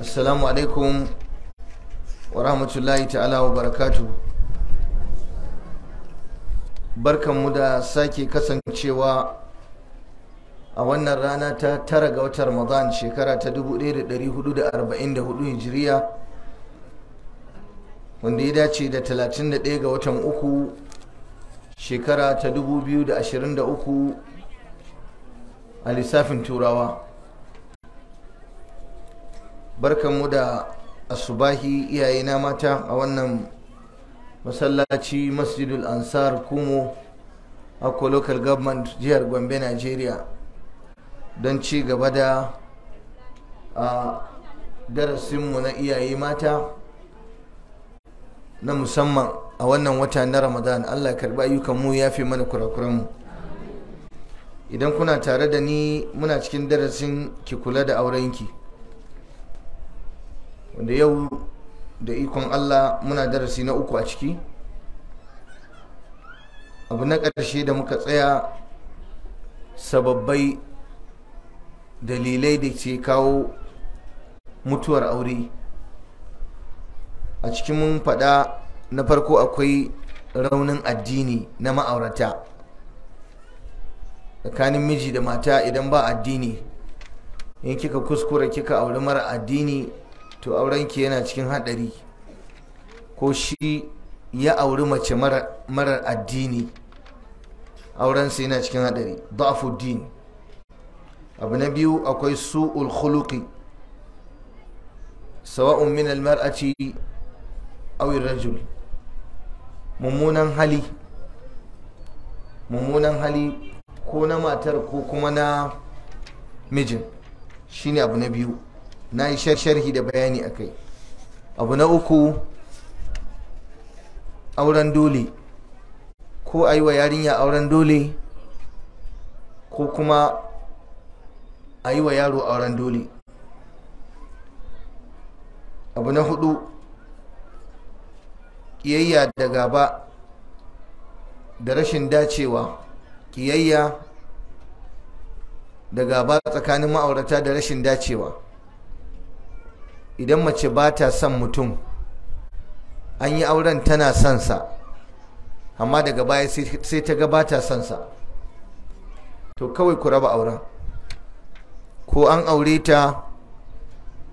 assalamu alaikum wa rahmatullahi ta'ala wa barakatu mu da sake kasancewa a wannan rana ta tara ga watan ramadan shekara ta 1444 hijiriya wanda ya dace da 31 ga watan uku shekara ta 2023 a lissafin turawa barkanmu da asubahi iyayena mata a wannan masallaci masjidul ansar kumo akwa local government jihar gombe nigeria don ci gaba da darasinmu na iyaye mata na musamman a wannan wata na ramadan allah karba ayyukanmu ya fi mana kurakuranmu idan kuna tare da ni muna cikin darasin ki kula da aurenki wanda yau da ikon allah muna darasi na uku a ciki abu na ƙarshe da muka tsaya sababbai dalilai da ke kawo mutuwar aure a cikin mun faɗa na farko akwai raunin addini na ma'aurata tsakanin miji da mata idan ba addini in kika kuskura kika auri mara addini to aurenki yana cikin haɗari ko shi ya auri mace marar addini aurensa yana cikin haɗari din abu na biyu akwai su'ul khuluqi sawa'un min almar'ati aw rajul mummunan hali mummunan hali ko na matar ko kuma na mijin shine abu na biyu na yi sharhi da bayani a kai abu na uku auren dole ko a yi wa yarinya auren dole ko kuma a yi wa yaro auren dole abu na hudu kiyayya da gaba da rashin dacewa kiyayya da gaba tsakanin ma'aurata da rashin dacewa idan mace ba ta son mutum an yi auren tana sansa amma daga baya sai ta ga ba ta sansa to kawai ku raba auren ko an aure ta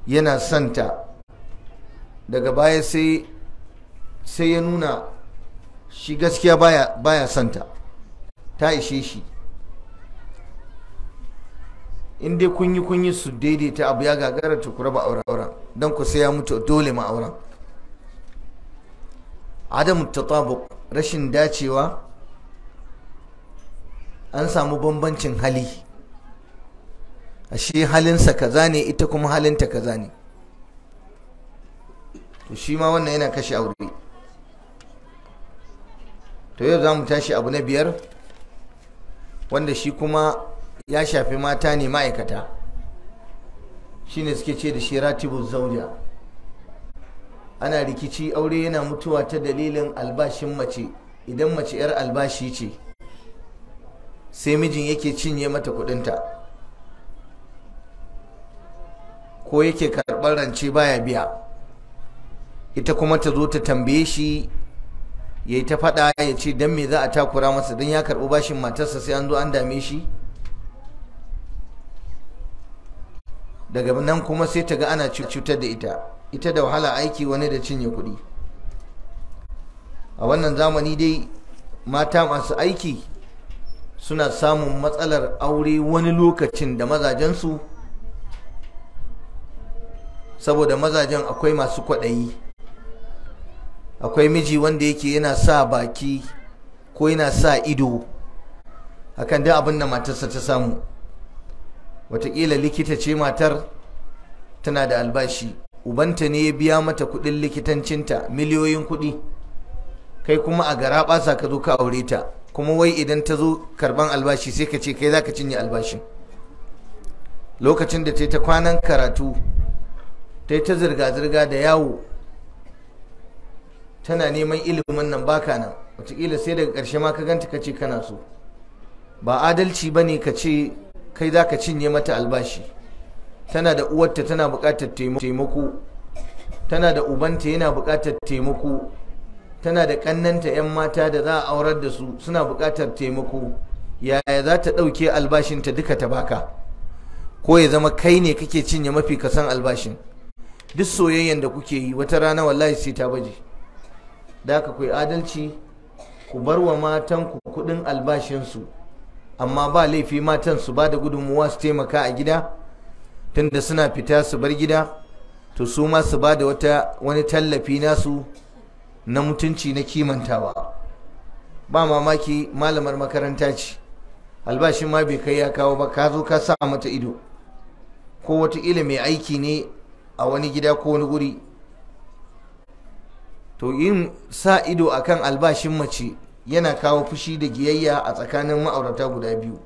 yana santa ta daga baya sai ya nuna shi gaskiya baya baya ta ta ishe shi in dai kun yi kun yi su daidaita abu ya gagara to ku raba aure auren dan ku sai ya mutu dole ma auren adamu tatabuq rashin dacewa an samu bambancin hali ashe halinsa kaza ne ita kuma halinta kaza ne to shi ma wannan yana kashe aure to yau za mu tashi abu na biyar wanda shi kuma ya shafi mata ne ma'aikata shine suke ce da shi ratibu zauja ana rikici aure yana mutuwa ta dalilin albashin mace idan mace 'yar albashi ce sai mijin yake cinye mata kudinta ko yake karɓar rance baya biya ita kuma ta zo ta tambaye shi ya yi ta faɗa ya ce don me za a takura masa don ya karɓi bashin matarsa sai an zo an dame shi daga nan kuma sai ta ga ana cutar da ita ita da wahala aiki wani da cinye kuɗi a wannan zamani dai mata masu aiki suna samun matsalar aure wani lokacin da mazajensu saboda mazajen akwai masu kwaɗayi akwai miji wanda yake yana sa baki ko yana sa ido akan da abin da matarsa ta samu watakila likita ce matar tana da albashi ubanta ne ya biya mata kudin likitancinta miliyoyin kudi kai kuma a gara basa ka zo ka aure ta kuma wai idan ta zo karban albashi sai ka ce kai za ka cinye albashin lokacin da ta ta kwanan karatu ta ta zirga-zirga da yawo tana neman ilimin nan baka nan watakila sai daga ƙarshe ma ka ganta ka ce kana so ba adalci ba ne ka ce kai za ka cinye mata albashi tana da uwarta tana buƙatar taimako tana da ubanta yana buƙatar taimako tana da ƙannanta 'yan mata da za a aurar da su suna buƙatar taimako yaya za ta ɗauke albashinta duka ta baka ko ya zama kai ne kake cinye mafi kasan albashin duk soyayyen da kuke yi wata rana wallahi sai ta baje da haka ku adalci ku bar wa matanku kuɗin albashinsu amma ba laifi matan su ba da gudunmuwa su taimaka a gida tunda suna fita su bar gida to su ma su ba da wata wani tallafi nasu na mutunci na kimantawa ba mamaki malamar makaranta ce albashin ma bai kai ya kawo ba ka zo ka sa mata ido ko wata ila mai aiki ne a wani gida ko wani guri to yin sa ido akan albashin mace yana kawo fushi da giyayya a tsakanin ma'aurata guda biyu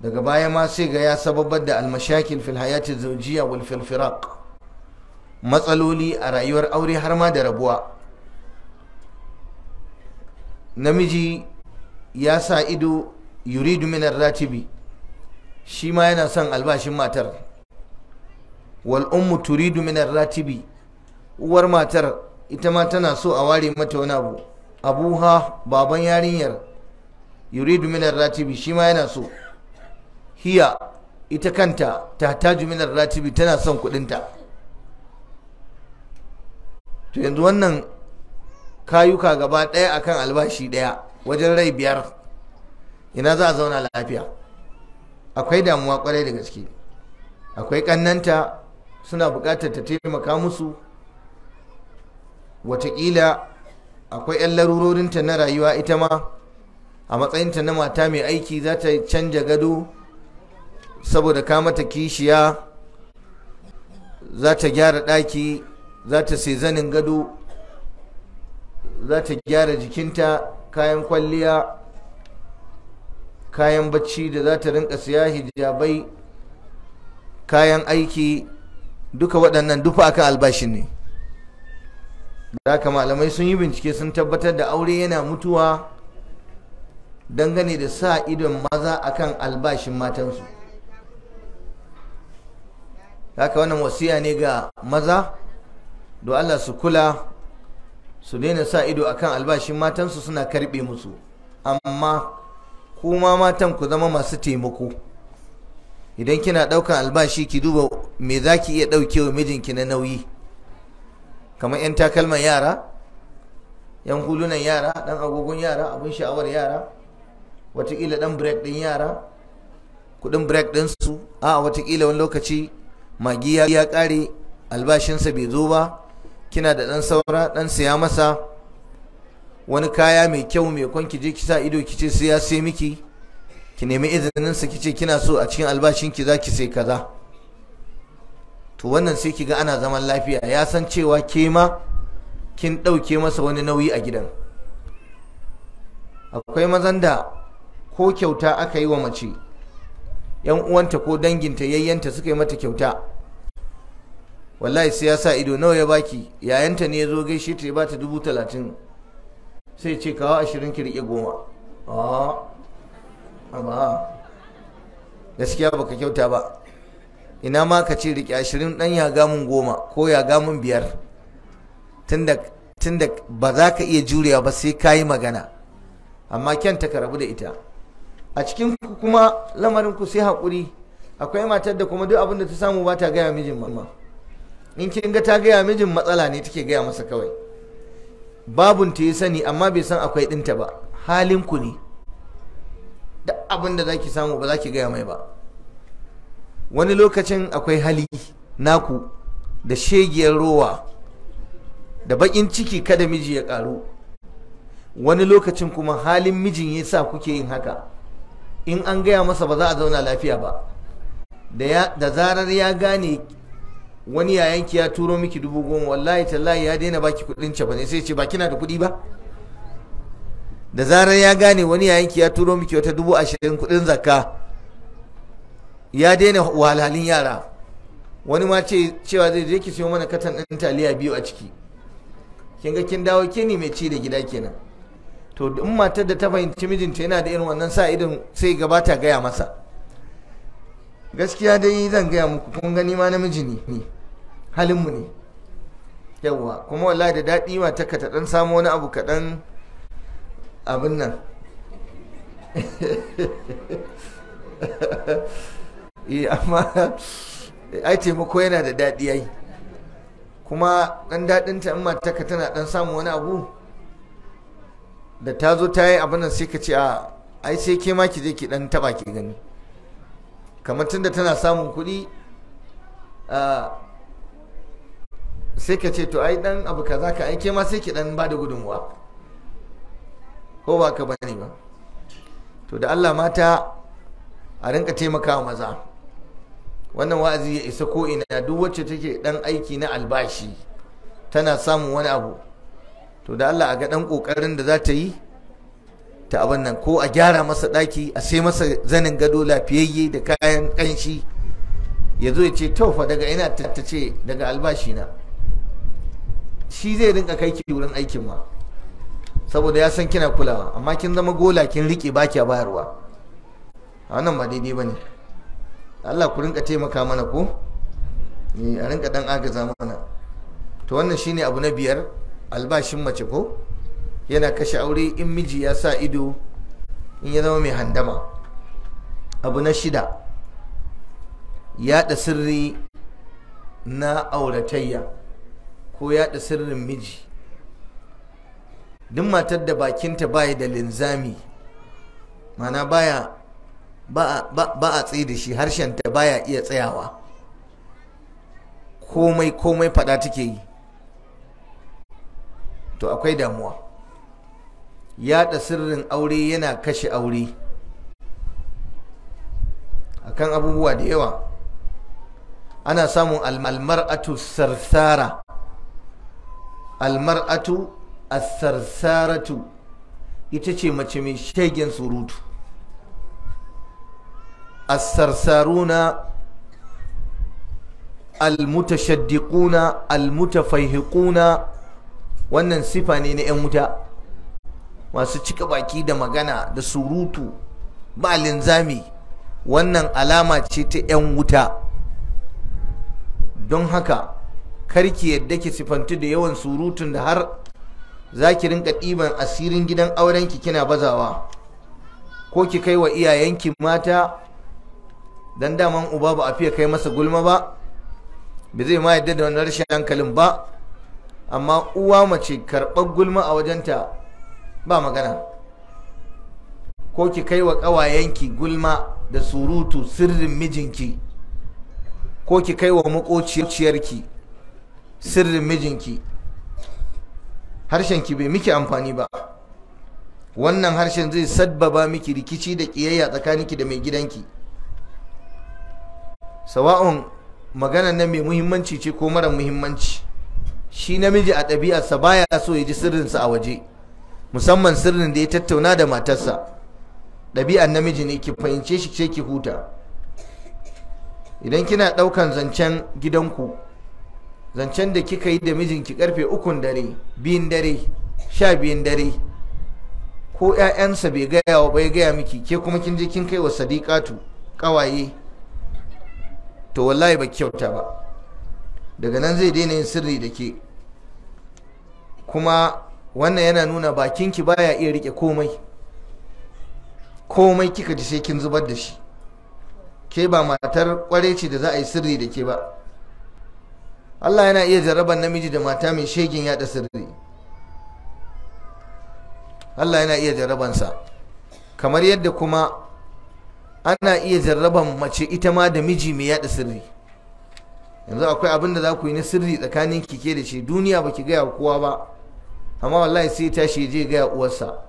daga baya ma sai ga ya sababar da almashakil filhayati zaujiya wal matsaloli a rayuwar aure har ma da rabuwa namiji ya sa ido yuridu minar ratibi shi ma yana son albashin matar wal ummu turidu minar ratibi uwar matar ita ma tana so a ware mata wani abu abuha baban yarinyar yurid minar ratibi shi ma yana so hiya ita kanta ta taju minar ratibi tana son kudinta to yanzu wannan kayuka gaba ɗaya akan albashi ɗaya wajen rai biyar ina za a zauna lafiya akwai damuwa kwarai da gaske akwai kannanta suna bukatar ta taimaka musu watakila akwai 'yan larurorinta na rayuwa ita ma a matsayinta na mata mai aiki za ta canja gado saboda ka mata kishiya za ta gyara ɗaki za ta sai zanin gado za ta gyara jikinta kayan kwalliya kayan bacci da za ta rinka siya hijabai kayan aiki duka waɗannan dufa akan albashin ne da haka malamai sun yi bincike sun tabbatar da aure yana mutuwa dangane da sa idon maza akan albashin matansu haka wannan wasiya ne ga maza do Allah su kula su daina sa ido akan albashin matansu suna karbe musu amma kuma matan ku zama masu taimako idan kina daukan albashi ki duba me za ki iya daukewa mijinki na nauyi kamar 'yan takalman yara 'yan hulunan yara 'dan agogon yara abin sha'awar yara watakila dan break din yara kuɗin break din su. a watakila wani lokaci magi ya kare albashinsa bai zo ba kina da ɗan saura dan siya masa wani kaya mai kyau mai kwan ki je ki sa ido ki ce sai ya sai miki ki nemi izinin sa ki ce kina so a cikin albashin ki za ki sai kaza to wannan sai kiga ana zaman lafiya ya san cewa ke ma kin ɗauke masa wani nauyi a gidan akwai mazan da ko kyauta aka yi wa mace yan uwanta ko danginta yayyanta suka yi mata kyauta wallahi sai ya sa ido nawa ya baki yayanta ne ya zo gaishe ta ya ba ta dubu talatin sai ce kawo ashirin ki riƙe goma a ba gaskiya baka kyauta ba ina ma ka ce riƙe ashirin ɗan ya gamun goma ko ya gamun biyar tunda ba za ka iya jurewa ba sai ka yi magana amma kyanta ka rabu da ita a cikin kuma lamarin ku sai haƙuri akwai matar da kuma duk abin da ta samu ba ta gaya mijin mamma in kin ga ta gaya mijin matsala ne take gaya masa kawai babun ta yi sani amma bai san akwai dinta ba halin ku ne duk abin da za ki samu ba za ki gaya mai ba wani lokacin akwai hali naku da shegiyar rowa da bakin ciki kada miji ya karu wani lokacin kuma halin mijin ya sa kuke yin haka in an gaya masa ba za a zauna lafiya ba da zarar ya gane wani yayanki ya turo miki dubu goma wallahi tallahi ya daina baki kudin ba ne sai ce ba kina da kudi ba da zarar ya gane wani yayanki ya turo miki wata dubu ashirin kudin zakka ya daina walalin yara wani ma ce cewa zai je ki siyo mana katan ɗin taliya biyu a ciki kin ga kin dawo ke ne mai ci da gida kenan to in matar da ta fahimci mijinta yana da irin wannan sa idan sai gabata gaya masa gaskiya dai zan gaya muku kun gani ma namiji ne ne halinmu ne yawwa kuma wallahi da daɗi ma ta ka ta ɗan samu wani abu kaɗan abin nan Eh, amma ai taimako yana da daɗi yayi kuma ɗan daɗin ta in matarka tana ɗan samu wani abu da ta zo ta yi abin nan sai ka ce a ai sai ke ma ki je ki ɗan taɓa ki gani kamar tunda tana samun kuɗi sai ka ce to ai ɗan abu ka za ka ai ke ma sai ki ɗan ba da gudunmuwa ko ba ka bane ba to da Allah mata a rinka taimakawa maza wannan wa'azi ya isa ko ina duk wacce take dan aiki na albashi tana samun wani abu to da Allah a ga dan kokarin da za ta yi ta abin nan ko a gyara masa daki a sai masa zanin gado lafiyayye da kayan kanshi ya zo ya ce taufa daga ina tattace daga albashi na shi zai rinka kai ki wurin aikin ma saboda ya san kina kulawa amma kin zama gola kin rike baki a bayarwa a wannan ba daidai bane ne Allah ku rinka taimaka mana ko a rinka dan agaza mana to wannan shine abu na biyar albashin mace ko yana kashe aure in miji ya sa ido in ya zama mai handama abu na shida yaɗa sirri na auratayya ko yaɗa sirrin miji duk matar da bakinta baya da linzami mana baya ba a tsaye da shi harshen ta baya iya tsayawa komai komai fada take yi to akwai damuwa yada sirrin aure yana kashe aure akan abubuwa da yawa ana samun almar'atu sarsara almar'atu as-sarsaratu ita ce mace mai shegen surutu السرسارون المتشدقون المتفيهقون wannan sifa ne na 'yan wuta masu cika baki da magana da surutu ba linzami wannan alama ce ta 'yan wuta don haka karki yadda ki sifantu da yawan surutun da har za ki rinka ɗiban asirin gidan aurenki kina bazawa ko ki kai wa iyayenki mata dan daman uba ba a fiye kai masa gulma ba ba zai ma yadda da wani rashin hankalin ba amma uwa mace karɓar gulma a wajenta ba magana ko ki kai wa ƙawayenki gulma da surutu sirrin mijinki ko ki kai wa maƙociyarki sirrin mijinki harshenki bai miki amfani ba wannan harshen zai sabbaba miki rikici da ƙiyayya tsakaninki da mai gidanki sawa'un magana nan mai muhimmanci ce ko mara muhimmanci shi namiji a ɗabi'arsa baya so ya ji sirrinsa a waje musamman sirrin da ya tattauna da matarsa ɗabi'ar namiji ne ki fahimce shi ce ki huta idan kina ɗaukan zancen gidanku zancen da kika yi da mijinki karfe ukun dare biyun dare sha biyun dare ko 'ya'yansa bai gaya wa bai gaya miki ke kuma kin je kin kai wa sadiqatu ƙawaye to wallahi ba kyauta ba daga nan zai daina yin sirri da ke kuma wannan yana nuna bakinki baya iya rike komai komai kika ji sai kin zubar da shi ke ba matar kware ce da za a yi sirri da ke ba Allah yana iya jarabar namiji da mata mai shegin yada sirri Allah yana iya jarabansa. kamar yadda kuma ana iya jarraban mace ita ma da miji mai yada sirri yanzu akwai abin da za ku yi na sirri tsakanin kike da shi duniya baki gaya kowa ba amma wallahi sai tashi je gaya uwarsa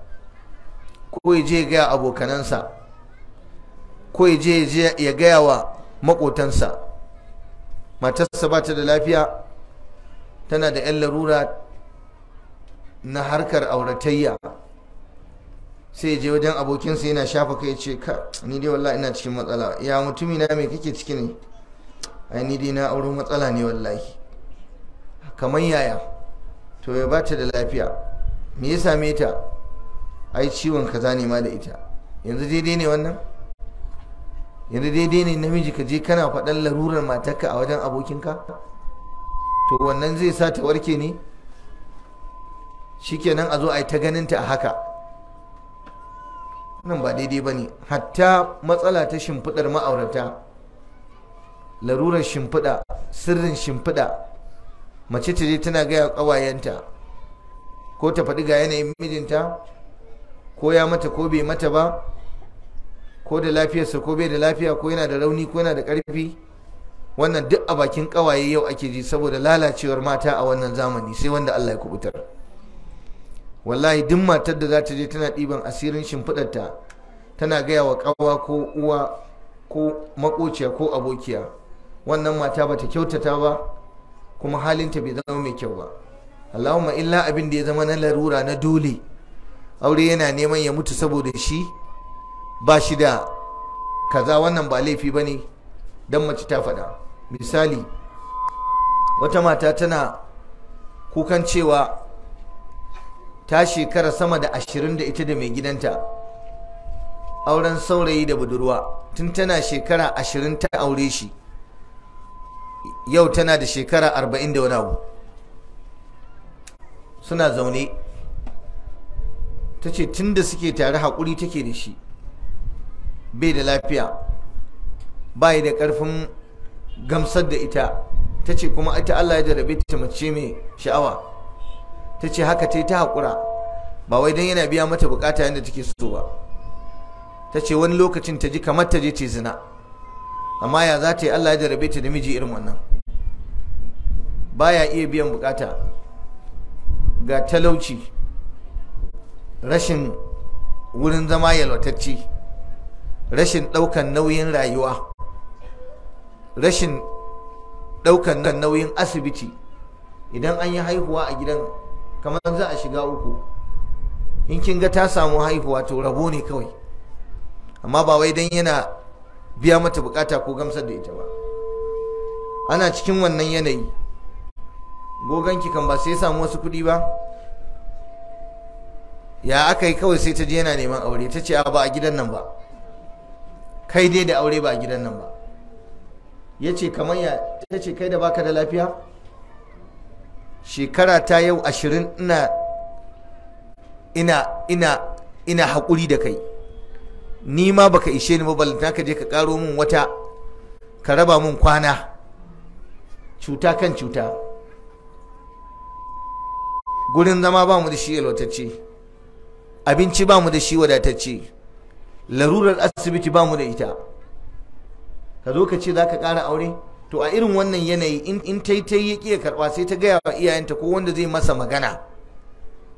ko ya je gaya abokanansa ko ya je ya gaya wa makotansa matarsa ba ta da lafiya tana da 'yan larura na harkar auratayya sai je wajen abokinsa yana shafa kai ce ka ni dai wallahi ina cikin matsala ya mutumi na me kake ciki ne ai ni dai na auro matsala ne wallahi kamar yaya to ya bata da lafiya me ya same ta ai ciwon kaza ne ma da ita yanzu daidai ne wannan yanzu daidai ne namiji ka je kana faɗan larurar matarka a wajen abokinka to wannan zai sa ta warke ne shikenan a zo a yi ta ganinta a haka nan ba daidai ba ne hatta matsala ta shimfiɗar ma'aurata larurar shimfiɗa sirrin shimfiɗa mace ta je tana gaya ƙawayenta ko ta faɗi ga yanayin mijinta ko ya mata ko bai mata ba ko da lafiyarsa ko bai da lafiya ko yana da rauni ko yana da ƙarfi wannan duk a bakin ƙawaye yau ake ji saboda lalacewar mata a wannan zamani sai wanda Allah ya kubutar. wallahi duk matar da za ta je tana ɗiban asirin shimfiɗarta tana gaya wa ƙawa ko uwa ko makociya ko abokiya wannan mata ba ta kyautata ba kuma halinta bai zama mai kyau ba allahumma illa abin da ya zama na larura na dole aure yana neman ya mutu saboda shi ba shi da kaza wannan ba laifi ba ne don mace ta faɗa misali wata mata tana kukan cewa ta shekara sama da ashirin da ita da mai gidanta auren saurayi da budurwa tun tana shekara ashirin ta aure shi yau tana da shekara arba'in da wani abu suna zaune ta ce tun da suke tare haƙuri take da shi bai da lafiya bai da ƙarfin gamsar da ita ta ce kuma ita Allah ya jarabe ta mace mai sha'awa ta ce haka ta yi ta haƙura ba wai don yana biya mata bukata yadda take so ba ta ce wani lokacin ta ji kamar ta je ce zina amma ya za ta yi Allah ya jarabe ta da miji irin wannan baya iya biyan bukata ga talauci rashin wurin zama yalwatacci rashin ɗaukan nauyin rayuwa rashin ɗaukan nauyin asibiti idan an yi haihuwa a gidan kamar za a shiga uku in kin ga ta samu haihuwa to rabo ne kawai amma ba wai dan yana biya mata bukata ko gamsar da ita ba ana cikin wannan yanayi goganki kikan ba sai ya samu wasu kuɗi ba ya aka yi kawai sai ta je yana neman aure ta ce ba a gidan nan ba kai dai da aure ba a gidan nan ba ya ce kamar ya ta ce kai da baka da lafiya shekara ta yau ashirin ina ina ina ina haƙuri da kai ni ma baka ishe ni ba ka je ka ƙaro min wata ka raba min kwana cuta kan cuta gurin zama ba mu da shi yalwatacce abinci ba mu da shi wadatacce larurar asibiti ba mu da ita ka zo ka ce za ka ƙara aure to a irin wannan yanayi in taitai ya ƙi ya karɓa sai ta gaya wa iyayenta ko wanda zai masa magana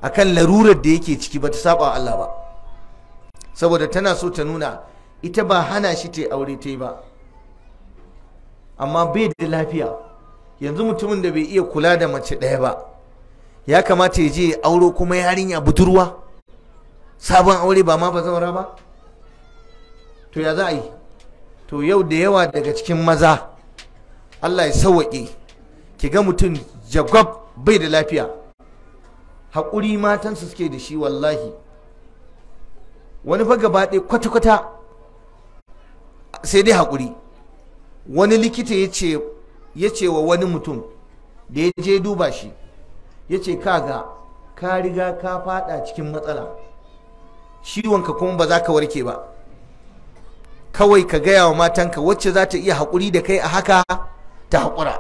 A kan larurar da yake ciki ba ta saba Allah ba saboda tana so ta nuna ita ba hana shi ta aure ta ba amma bai da lafiya yanzu mutumin da bai iya kula da mace ɗaya ba ya kamata ya je auro kuma yarinya budurwa sabon aure ba ma ba zaura ba to ya za a yi to yau da yawa daga cikin maza Allah ya sawaƙe ki ga mutum jagwab bai da lafiya haƙuri matansu suke da shi wallahi wani fa gaba ɗaya kwata-kwata sai dai haƙuri wani likita ya ce wa wani mutum da ya je duba shi ya ce kaga ka riga ka fada cikin matsala ciwonka kuma ba za ka warke ba kawai ka gaya wa matanka wacce za ta iya haƙuri da kai a haka ta haƙura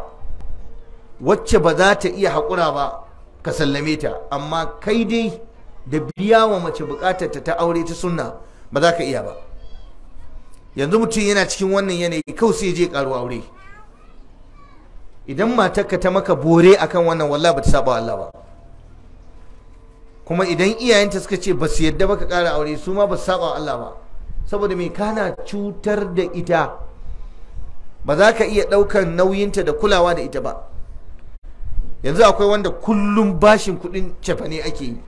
wacce ba za ta iya haƙura ba ka sallame ta amma kai dai da biya wa mace buƙatar ta aure ta sunna ba za ka iya ba yanzu mutum yana cikin wannan yanayi kawai sai je karu aure idan matarka ta maka bore akan wannan walla ba ta saba Allah ba kuma idan iyayenta suka ce ba su yadda ba ka kara aure su ma ba su saba Allah ba saboda mai kana cutar da ita ba za ka iya ɗaukar nauyinta da kulawa da ita ba yanzu akwai wanda kullum bashin kuɗin cefane ake yi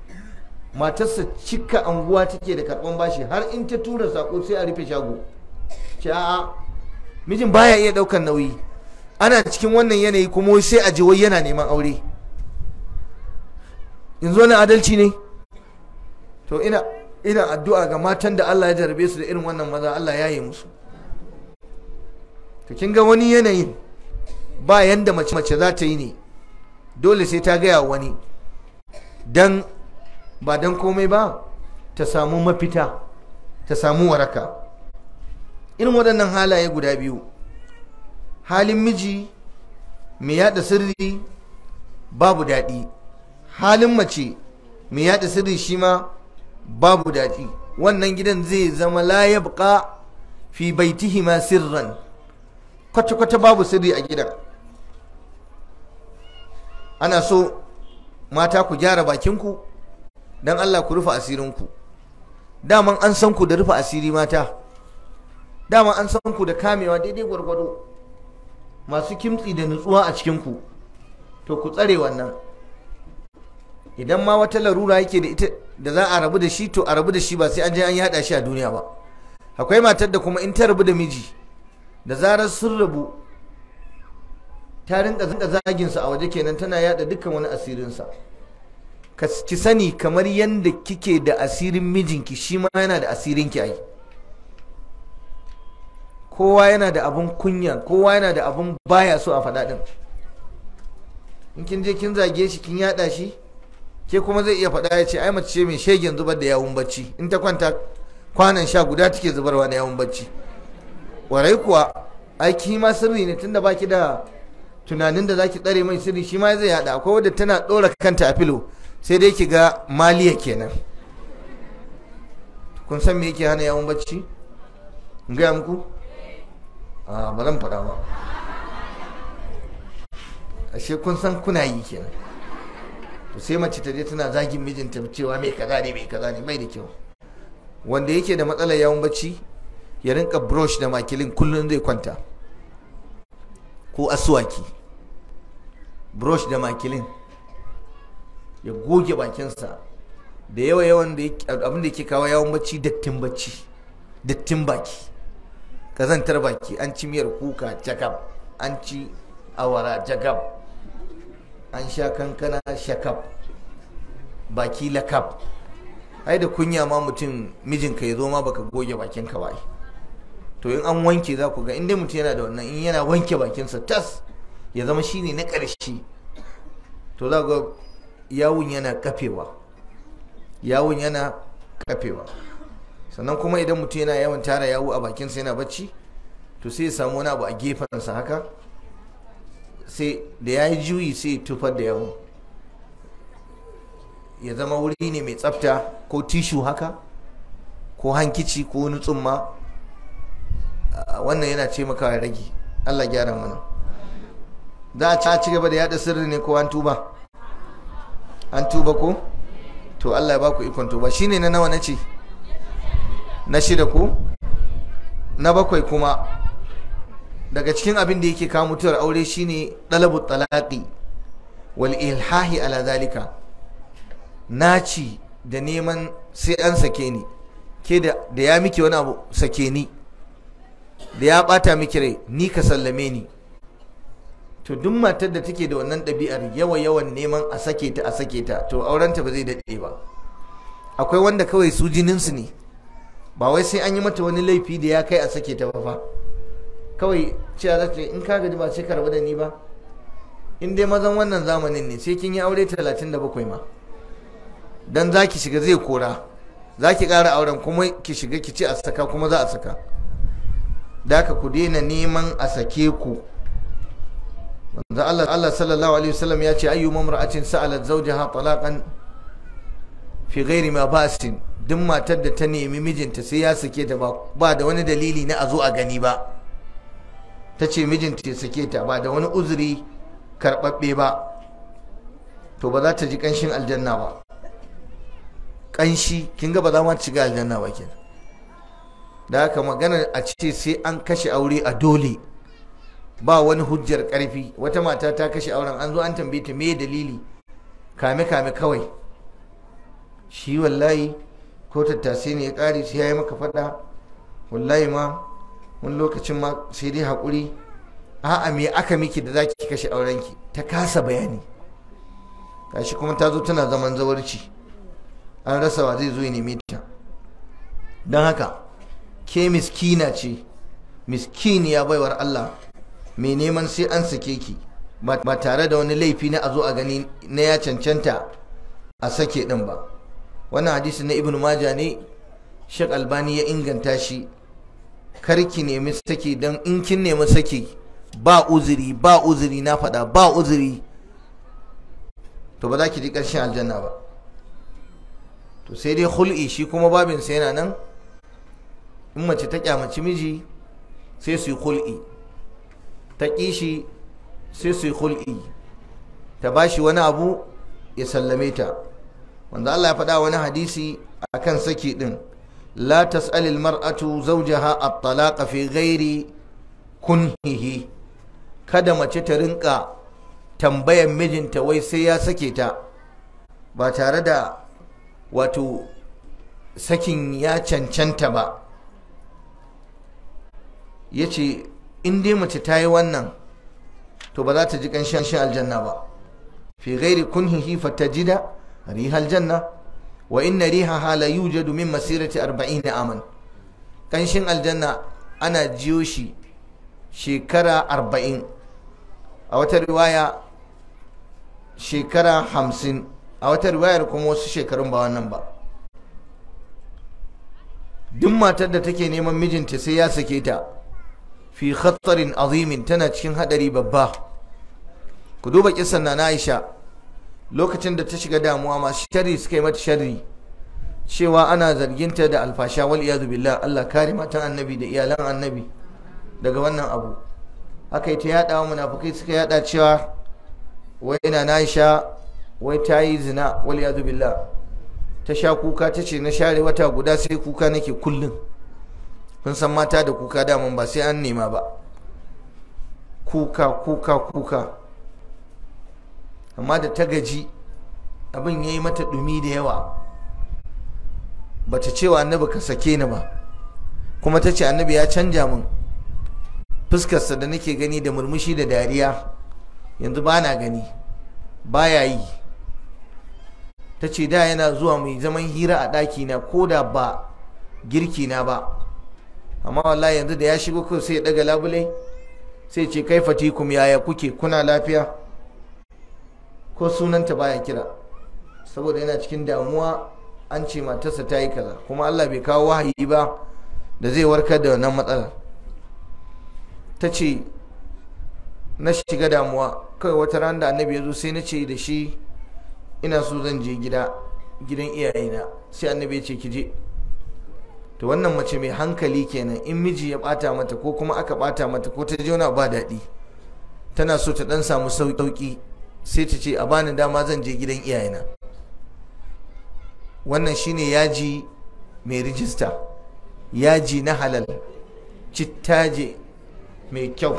matarsa cika anguwa take da karɓan bashi har in ta tura saƙo sai a rufe shago a'a mijin baya iya ɗaukar nauyi ana cikin wannan yanayi kuma sai a jiwai yana neman aure yanzu wani adalci ne to ina ina addu'a ga matan da Allah ya jarabe su da irin wannan maza Allah ya yi musu to kin ga wani yanayin ba yanda mace mace za ta yi ne dole sai ta gaya wani dan ba dan komai ba ta samu mafita ta samu waraka in waɗannan halaye guda biyu halin miji mai yada sirri babu daɗi halin mace mai yada sirri shi ma babu daɗi wannan gidan zai zama layabka fi baitihima sirran kwata-kwata babu sirri a gidan ana so mata ku gyara bakinku don Allah ku rufe asirinku daman an san ku da rufe asiri mata daman an san ku da kamewa daidai gwargwado masu kimtsi da nutsuwa a cikinku to ku tsare wannan idan ma wata larura yake da ita da za a rabu da shi to a rabu da shi ba sai an je an yaɗa shi a duniya ba akwai matar da kuma in ta rabu da miji da zarar sun rabu ta rinka zagin su a waje kenan tana yada dukkan wani asirinsa ka ci sani kamar yadda kike da asirin mijinki shi ma yana da asirinki ai kowa yana da abun kunya kowa yana da abun baya so a faɗa din in kin je kin zage shi kin yada shi ke kuma zai iya faɗa ya ce ai mace ce mai shegen zubar da yawun bacci in ta kwanta kwanan sha guda take zubarwa na yawun bacci warai kuwa aiki ma sirri ne tunda baki da tunanin da zaki tsare mai sirri shi ma zai yada. akwai wadda tana dora kanta a filo sai dai ki ga maliya kenan kun san me yake hana yawon bacci in gaya muku a ba zan faɗa ba ashe kun san kuna yi kenan to sai mace ta je tana zagin mijinta cewa mai kaza ne mai kaza ne mai da kyau wanda yake da matsalar yawon bacci ya rinka brush da makilin kullum zai kwanta ko asuwaki brush da makilin ya goge bakinsa da yawa yawan abin da yake kawo yawon bacci dattin bacci dattin baki kazantar baki an ci miyar kuka jakab an ci awara jakab an sha kankana shakab baki lakab ai da kunya ma mutum mijinka ya zo ma baka goge bakinka ba to in an wanke za ku ga inda mutum yana da wannan in yana wanke bakinsa tas ya zama shi ne na ƙarshe to za ga yawun yana kafewa yawun yana kafewa sannan kuma idan mutum yana yawan tara yawo a bakinsa yana bacci to sai ya samu wani abu a gefensa haka sai da ya yi juyi sai ya tufar da yawon ya zama wuri ne mai tsafta ko tishu haka ko hankici ko wani tsumma wannan yana taimakawa rage Allah gyara mana za a ci gaba da yada sirri ne ko an tuba an tuba ko to Allah ya ba ku ikon tuba shine na nawa na ce na shida ko na bakwai kuma daga cikin abin da yake kawo mutuwar aure shine dalabu talaqi wal ilhahi ala zalika naci da neman sai an sake ni ke da ya miki wani abu sake ni da ya bata miki rai ni ka sallame ni to duk matar da take da wannan ɗabi'ar yawa yawan neman a sake ta a sake ta to aurenta ba zai daɗe ba akwai wanda kawai su jininsu ne ba wai sai an yi mata wani laifi da ya kai a sake ta ba fa kawai cewa za ta in ka gaji ba sai ka rabu da ni ba in dai mazan wannan zamanin ne sai kin yi aure 37 ma dan za ki shiga zai kora za ki ƙara auren kuma ki shiga ki ci a saka kuma za a saka da ka ku daina neman a sake ku manzo Allah Allah sallallahu alaihi wasallam ya ce ayyu mamra'atin sa'alat zawjaha talaqan fi ghairi ma basin duk matar da ta nemi mijinta sai ya sake ta ba da wani dalili na a zo a gani ba ta ce mijinta ya sake ta ba da wani uzuri karɓaɓɓe ba to ba za ta ji ƙanshin aljanna ba ƙanshi kin ga ba za ma ta shiga aljanna ba kenan da haka magana a ce sai an kashe aure a dole ba wani hujjar karfi wata mata ta kashe auren an zo an tambaye ta me dalili kame kame kawai shi wallahi ko tattasai ne ya kare sai ya yi maka faɗa. wallahi ma wani lokacin ma sai dai haƙuri a'a me aka miki da zaki kashe aurenki ta kasa bayani shi kuma ta zo tana zaman zawarci an rasawa zai zo ya neme ta don haka ke miskina ce ya baiwar Allah mai neman sai an sake ki ba tare da wani laifi na a zo a gani na ya cancanta a sake din ba wannan hadisi na ibn maja ne shek albani ya inganta shi karki nemi sake don in kin nemi sake ba uzuri ba uzuri na fada ba uzuri to ba za ki ji karshen aljanna ba to sai dai hul'i shi kuma babinsa yana nan in mace ta kyamaci miji sai su yi hul'i ta ƙi shi sai su yi hul'i ta ba shi wani abu ya sallame ta wanda Allah ya faɗa wani hadisi a kan saki ɗin la tas'alil mar'atu zawjaha at-talaqa fi ghairi kunhihi kada mace ta rinka tambayan mijinta wai sai ya sake ta ba tare da wato sakin ya cancanta ba ya ce in dai mace ta yi wannan to ba za ta ji ƙanshin shi aljanna ba fi ta ji da, riha aljanna wa inna riha la yujadu min masirati 40 aman ƙanshin aljanna ana jiyo shi shekara arba'in a wata riwaya shekara hamsin, a wata riwayar kuma wasu shekarun ba wannan ba duk matar da take neman mijinta sai ya sake ta fi khatarin azimin tana cikin hadari babba ku duba kisan na Aisha lokacin da ta shiga damuwa masu sharri suka yi mata sharri cewa ana zarginta da alfasha wal iyadu billah Allah kare matan annabi da iyalan annabi daga wannan abu aka yi ta yada munafukai suka yada cewa wai na Aisha wai ta yi zina wal iyadu billah ta sha kuka ta ce na share wata guda sai kuka nake kullum kun san mata da kuka daman ba sai an nema ba kuka kuka kuka amma da ta gaji abin ya yi mata ɗumi da yawa ba ta cewa annabi ka sake ni ba kuma ta ce annabi ya canja min fuskarsa da nake gani da murmushi da dariya yanzu ba na gani ba ya yi ta ce da yana zuwa mai zaman hira a ɗakina ko da ba girki na ba amma wallahi yanzu da ya shigo ko sai ya daga labule sai ce kai fatikum yaya kuke kuna lafiya ko sunanta baya kira saboda yana cikin damuwa an ce matarsa ta yi kaza kuma Allah bai kawo wahayi ba da zai warkar da wannan matsalar ta ce na shiga damuwa kawai wata ran da annabi ya zo sai na ce da shi ina so zan je gida gidan iyayena sai annabi ya ce ki je to wannan mace mai hankali kenan in miji ya bata mata ko kuma aka bata mata ko ta jona ba daɗi tana so ta dan samu sauki sai ta ce a bani dama zan je gidan iyayena wannan shine yaji mai rijista yaji na halal cittaje mai kyau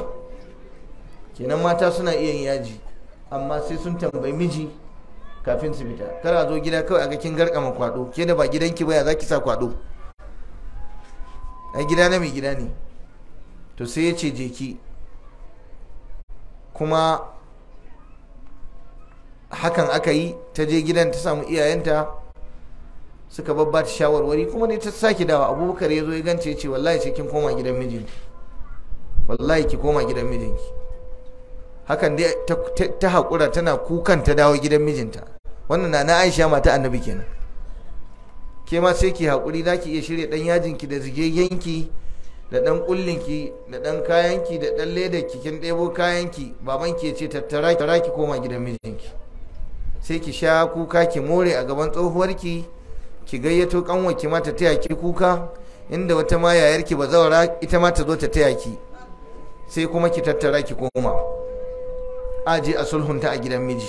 kenan mata suna iya yaji amma sai sun tambayi miji kafin su fita kar a zo gida kawai a ga kin garkama kwado ke da ba gidanki ba ya zaki sa kwado a gida na mai gida ne to sai ya ce je kuma hakan aka yi ta je gidan ta samu iyayenta suka babba ta shawarwari kuma ne ta sake dawa abubakar ya zo ya gance ce wallahi ce kin koma gidan mijinki wallahi ki koma gidan mijinki hakan dai ta haƙura tana kukan ta dawo gidan mijinta wannan na na aisha mata annabi kenan ke ma sai ki haƙuri za ki iya shirya ɗan yajinki da zigegenki da ɗan ƙullinki da ɗan kayanki da ɗan ledarki kin ɗebo kayanki babanki ya ce tattara ki koma gidan mijinki sai ki sha kuka ki more a gaban tsohuwarki ki gayyato ƙanwarki ma ta taya ki kuka inda wata ma yayarki ba zaura ita ma ta zo ta taya ki sai kuma ki tattara ki koma aje a sulhunta a gidan miji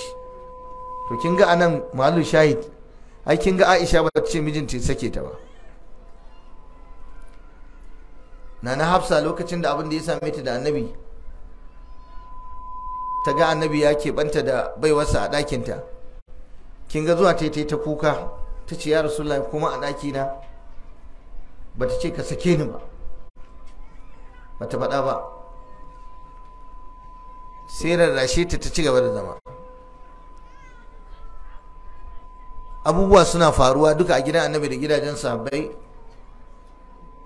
to kin ga anan malu shahid ai kin ga Aisha ba ce mijinta ya sake ta ba Nana Hafsa lokacin da abin da ya same ta da Annabi ta ga Annabi ya banta da baiwarsa a ɗakinta kin ga zuwa ta ta kuka ta ce ya Rasulullah kuma a ɗakina ba ta ce ka sake ni ba ba ta faɗa ba sai rarrashe ta ta ci gaba da zama abubuwa suna faruwa duka a gidan annabi da gidajen sahabbai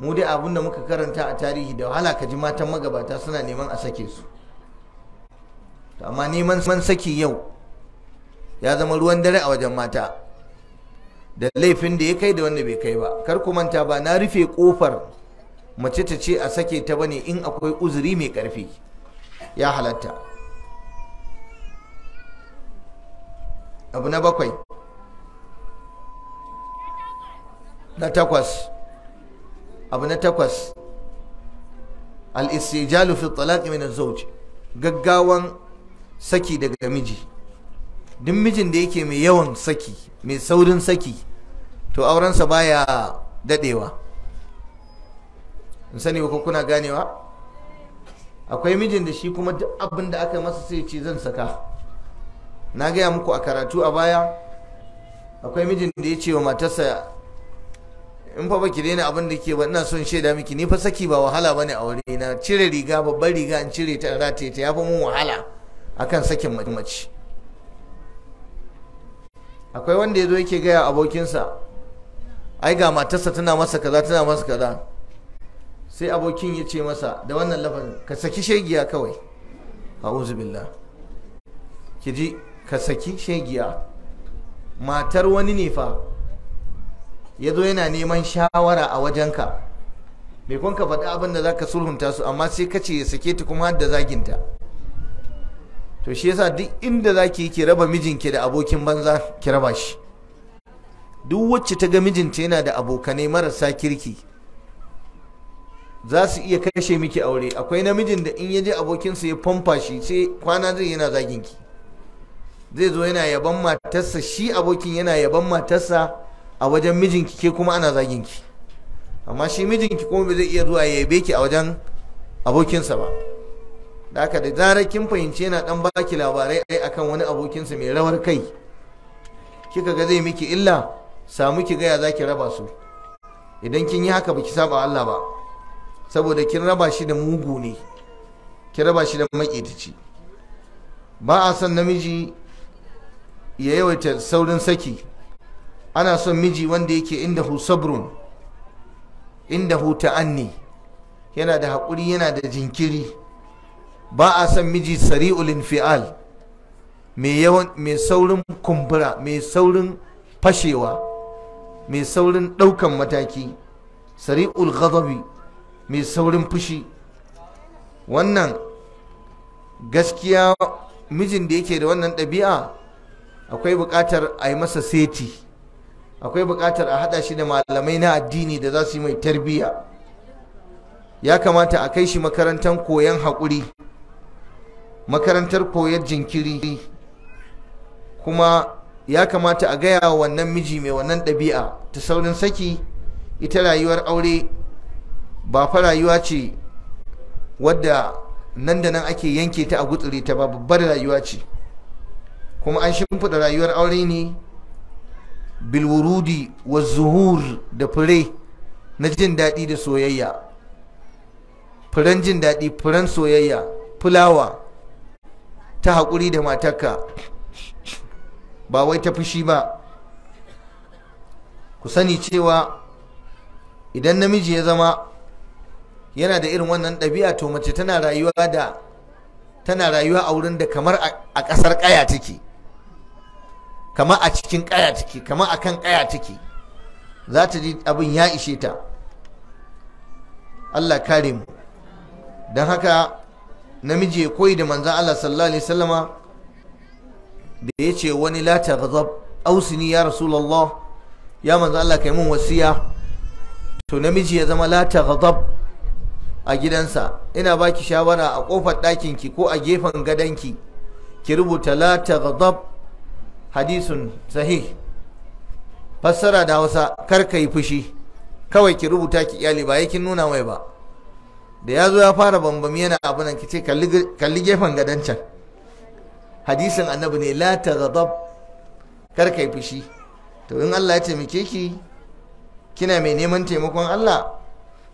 mu dai abun da muka karanta a tarihi da wahala ka ji matan magabata suna neman a sake su amma neman saki yau ya zama ruwan dare a wajen mata da laifin da ya kai da wanda bai kai ba kar ku manta ba na rufe kofar mace ta ce a sake ta bane in akwai uzuri mai karfi ya halatta abu na bakwai na takwas abu na takwas al-istijalu fi talaq min az gaggawan saki daga miji duk mijin da yake mai yawan saki mai saurin saki to aurensa baya dadewa in sani ko kuna ganewa akwai mijin da shi kuma duk abin da aka masa sai ce zan saka na gaya muku a karatu a baya akwai mijin da ya ce wa matarsa in fa baki daina abin da ke ba ina son shaida miki ni fa saki ba wahala bane a wuri na cire riga babbar riga in cire ta rataye ta yafi mun wahala akan sakin mace akwai wanda ya zo yake gaya abokinsa ai ga matarsa tana masa kaza tana masa kaza sai abokin ya ce masa da wannan lafazin ka saki shegiya kawai a'udhu billah ki ji ka saki shegiya matar wani ne fa ya zo yana neman shawara a wajenka mai kun ka faɗi abin da za ka sulhunta su amma sai ka ce ya sake ta kuma da zaginta to shi yasa duk inda za ki ki raba mijinki da abokin banza ki raba shi duk wacce ta ga mijinta yana da abokanai marasa kirki za su iya kashe miki aure akwai namijin da in ya je abokinsa ya famfa shi sai kwana zai yana zaginki zai zo yana yaban matarsa shi abokin yana yaban matarsa a wajen mijinki ke kuma ana zaginki. amma shi mijinki kuma bai zai iya zuwa ya yabe ki a wajen abokinsa ba da haka da zarar kin fahimci yana dan baki labarai ai akan wani abokinsa mai rawar kai kika ga zai miki illa samu ki gaya zaki raba su idan kin yi haka baki saba Allah ba saboda kin raba shi da mugu ne kin raba shi da maƙetaci ba a son namiji ya yawaita saurin saki ana son miji wanda yake inda hu sabrun inda hu ta'anni yana da haƙuri yana da jinkiri ba a son miji sari'ul infial mai saurin kumbura mai saurin fashewa mai saurin ɗaukan mataki sari'ul ghadabi mai saurin fushi wannan gaskiya mijin da yake da wannan ɗabi'a akwai buƙatar a yi masa seti akwai buƙatar a haɗa shi da malamai na addini da za su yi mai tarbiyya ya kamata a kai shi makarantar koyon haƙuri makarantar koyar jinkiri kuma ya kamata a gaya wa wannan miji mai wannan ɗabi'a ta saurin saki ita rayuwar aure ba fa rayuwa ce wadda nan da nan ake yanke ta a gutsure ta ba babbar rayuwa ce kuma an shimfiɗa rayuwar aure ne bilwurudi wa zuhur da fure na jin daɗi da soyayya furen jin daɗi furen soyayya fulawa ta haƙuri da matarka ba wai ta fushi ba ku sani cewa idan namiji ya zama yana da irin wannan ɗabi'a to mace tana rayuwa tana rayuwa a wurin da kamar a ƙasar ƙaya take kama a cikin kaya take kama a kan kaya take za ta ji abin ya ishe ta Allah kare mu don haka namiji ya koyi da manzan Allah sallallahu alaihi sallama da ya ce wani la ta gazab ausini ya rasulallah ya manzan Allah kai mun wasiya to namiji ya zama la ta gazab a gidansa ina baki shawara a kofar ɗakinki ko a gefen gadanki ki rubuta la ta gazab hadisun sahih fassara da hausa kar ka yi fushi kawai ki rubuta ki iyali ba yakin nuna mai ba da ya zo ya fara bambami yana abu nan ki ce kalli gefen gadon can hadisin annabi ne la ta gadab kar ka yi fushi to in Allah ya taimake ki kina mai neman taimakon Allah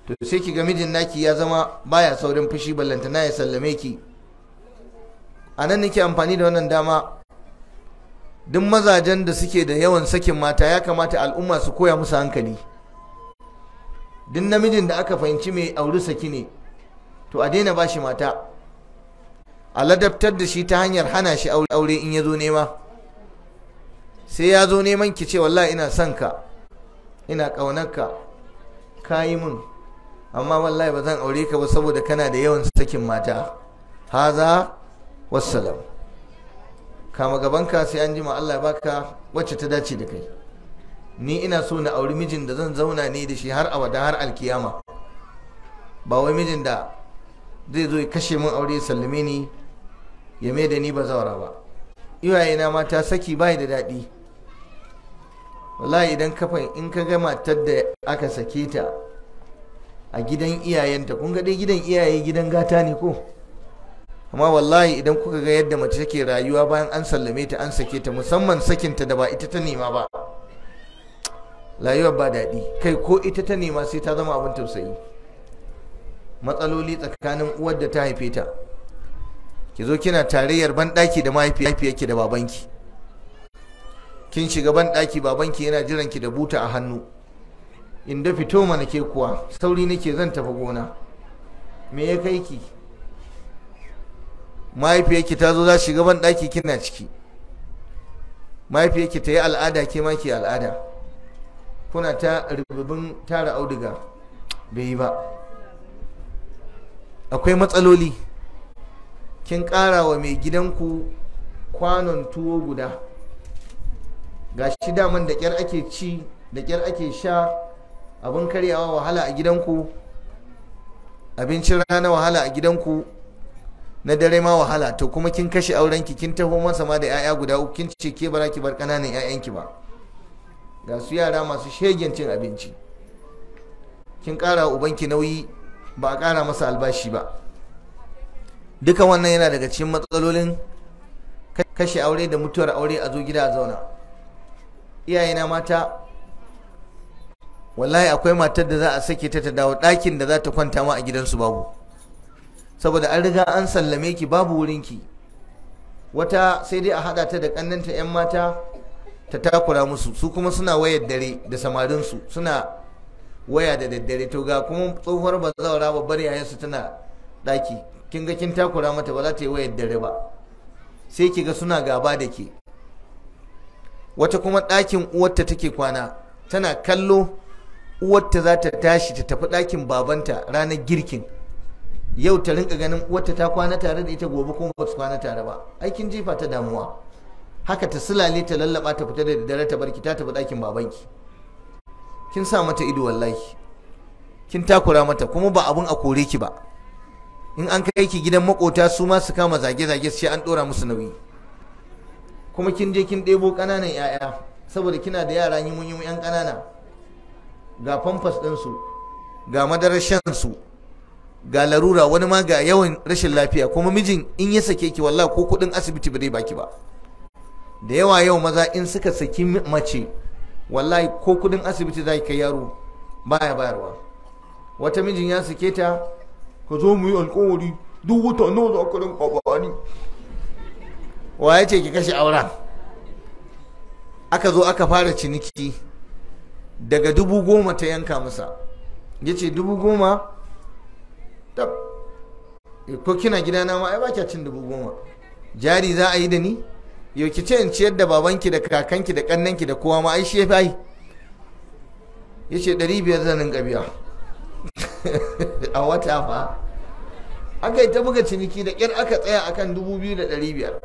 to sai ki ga mijin naki ya zama baya saurin fushi ballantana ya sallame ki a nan nake amfani da wannan dama duk mazajen da suke da yawan sakin mata ya kamata al'umma su koya musu hankali duk namijin da aka fahimci mai auri saki ne to a daina bashi mata a ladabtar da shi ta hanyar hana shi aure in ya zo nema sai ya zo neman ki ce wallahi ina son ka ina ƙaunarka ka yi min amma wallahi ba zan aure ka ba saboda kana da yawan sakin mata haza wassalam kama gabanka sai an jima Allah baka wacce ta dace da kai ni ina so na auri mijin da zan zauna ne da shi har abada har alkiyama ba wai mijin da zai zo ya kashe min aure sallame ni ya mai da ni ba zaura ba iyayena mata saki bai da daɗi wallahi idan kafa in ka ga matar da aka sake ta a gidan iyayenta kun ga dai gidan iyaye gidan gata ne ko amma wallahi idan kuka ga yadda mace take rayuwa bayan an sallame ta an sake ta musamman sakinta da ba ita ta nema ba rayuwar ba daɗi kai ko ita ta nema sai ta zama abin tausayi matsaloli tsakanin uwar da ta haife ta ki zo kina tarayyar banɗaki da mahaifiyarki da babanki kin shiga banɗaki babanki yana jiran ki da buta a hannu inda fito mana ke kuwa sauri nake zan tafi gona me ya kai ki mahaifiyarki ta zo za shiga ban ɗaki kina ciki mahaifiyarki ta yi al'ada ke ma ke al'ada kuna ta rububin tara auduga bai yi ba akwai matsaloli kin kara wa mai gidanku kwanon tuwo guda ga shi daman da ƙyar ake ci da ƙyar ake sha abin karyawa wahala a gidanku abincin rana wahala a gidanku na dare ma wahala to kuma kin kashe auren kin taho masa ma da 'ya'ya guda uku kin ce ke bara ki bar kananan 'ya'yanki ba ga su yara masu shegen cin abinci kin kara ubanki nauyi ba a kara masa albashi ba duka wannan yana daga cikin matsalolin kashe aure da mutuwar aure a zo gida a zauna iyayena mata wallahi akwai matar da za a sake ta ta dawo ɗakin da za ta kwanta ma a gidansu babu saboda an riga an sallame ki babu wurinki wata sai dai a hada ta da kannanta 'yan mata ta takura musu su kuma suna wayar dare da samarinsu suna waya da daddare to ga kuma tsohuwar ba za bazawara babbar yayansu tana daki kin ga kin takura mata ba za ta yi wayar dare ba sai ki ga suna gaba da ke wata kuma dakin uwarta take kwana tana kallo uwarta za ta tashi ta tafi dakin babanta ranar girkin yau ta rinka ganin uwarta ta kwana tare da ita gobe kuma ba su kwana tare ba aikin jefa ta damuwa haka ta silale ta lallaba ta fita da daddare ta barki ta tafi ɗakin babanki kin sa mata ido wallahi kin takura mata kuma ba abun a kore ki ba in an kai ki gidan makota su ma su kama zage-zage sai an dora musu nauyi kuma kin je kin ɗebo kananan 'ya'ya saboda kina da yara yin mun 'yan ƙanana ga famfas ɗinsu ga madarar su ga larura wani ma ga yawan rashin lafiya kuma mijin in ya sake ki wallahi ko kudin asibiti ba zai baki ba da yawa yau maza in suka saki mace wallahi ko kudin asibiti za kai yaro baya bayarwa wata mijin ya sake ta ka zo mu yi alkawari duk wata nawa za ka rinka bani wa ya ce ki kashe auren aka zo aka fara ciniki daga dubu goma ta yanka masa ya ce dubu goma tab ko kina gidana ma ai ba kya cin dubu goma jari za a yi da ni yau ki ce in ciyar da babanki da kakanki da kannanki da kowa ma ai shi ya fi ya ce ɗari biyar zanin ƙabiya a wata fa aka yi ta buga ciniki da ƙyar aka tsaya kan dubu biyu da ɗari biyar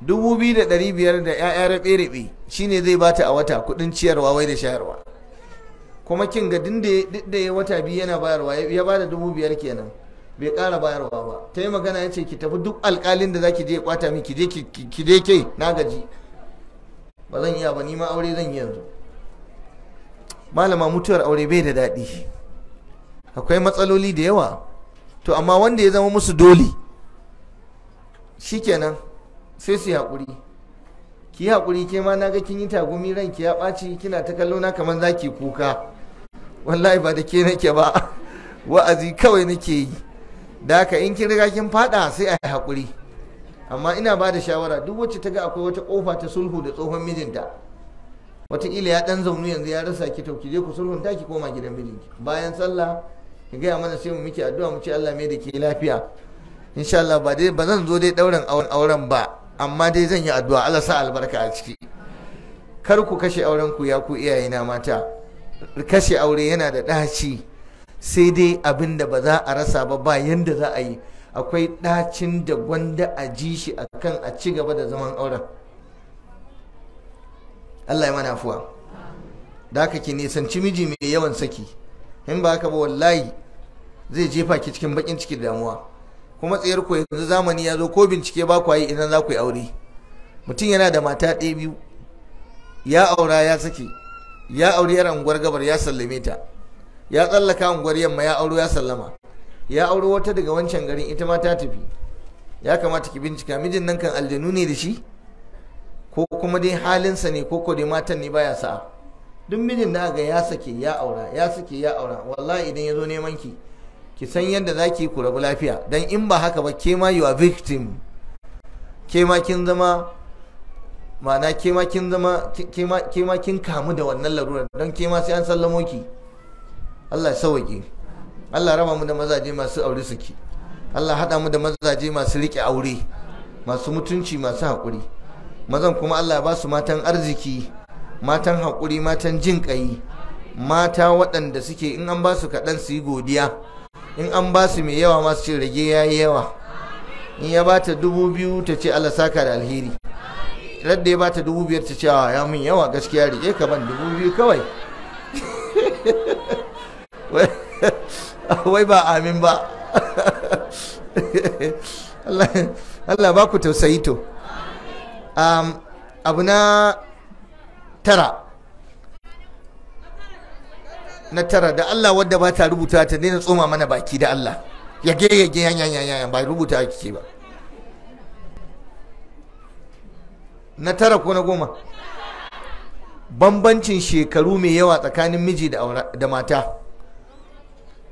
dubu biyu da ɗari biyar da ‘ya'ya raɓe-raɓe shine zai bata a wata kuɗin ciyarwa wai da shayarwa kuma kin ga din da ya wata biyu yana bayarwa ya bada dubu biyar kenan bai ƙara bayarwa ba ta yi magana ya ce ki tafi duk alƙalin da za ki je kwata min ki je ke na gaji ba zan iya ba ni ma aure zan yi yanzu malama mutuwar aure bai da daɗi akwai matsaloli da yawa to amma wanda ya zama musu dole shikenan sai su haƙuri ki haƙuri ke ma na ga kin yi tagumi ranki ya ɓaci kina ta kallo na kamar za kuka wallahi ba da ke nake ba wa'azi kawai nake yi da haka in kin riga kin fada sai a yi haƙuri amma ina ba da shawara duk wacce ta ga akwai wata ƙofa ta sulhu da tsohon mijinta wataƙila ya ɗan zaunu yanzu ya rasa ki to ki je ku sulhunta ki koma gidan mijinki bayan sallah ki gaya mana sai mu miki addu'a mu ce Allah mai da ke lafiya insha Allah ba dai ba zan zo dai ɗaurin auren auren ba amma dai zan yi addu'a Allah sa albarka a ciki kar ku kashe auren ku ya ku iyayena mata kashe aure yana da ɗaci sai dai abin da ba za a rasa ba ba yadda za a yi akwai ɗacin da gwanda a ji shi a kan a ci gaba da zaman auren Allah ya mana fuwa da aka ki nisanci miji mai yawan saki in ba haka ba wallahi zai jefa ki cikin bakin ciki da damuwa kuma tsayar ku yanzu zamani ya zo ko bincike ba ku idan za ku yi aure mutum yana da mata ɗaya biyu ya aura ya saki ya auri yar unguwar gabar ya sallame ta ya tsallaka unguwar yamma ya auro ya sallama ya auro wata daga wancan garin ita ma ta tafi ya kamata ki bincika mijin nan kan aljanu ne da shi ko kuma dai halinsa ne ko ko dai matan ne baya sa'a duk mijin da ga ya sake ya aura ya sake ya aura wallahi idan ya zo neman ki ki san yadda za ki ku rabu lafiya don in ba haka ba ke ma yiwa victim ke ma kin zama ma'ana kema kin zama kin kamu da wannan larurar don kema sai an sallamo ki Allah sauke Allah raba mu da mazaje masu aure suke Allah haɗa mu da mazaje masu riƙe aure masu mutunci masu haƙuri mazan kuma Allah ba su matan arziki matan haƙuri matan jin ƙai mata waɗanda suke in an ba su kaɗan su yi godiya in an ba su mai yawa masu ce rage ya yi yawa in ya ba ta dubu biyu ta ce Allah saka da alheri da ya bata dubu biyar ta cewa ya mun yawa gaskiya rike ka ban dubu biyu kawai wai ba amin ba Allah ba ku tausayi to um, abu na tara na tara da Allah wadda ba ta rubuta ta daina tsoma mana baki da Allah yage yage yanyan-yanyan, ba rubuta kike ba na tara ko na goma bambancin shekaru mai yawa tsakanin miji da mata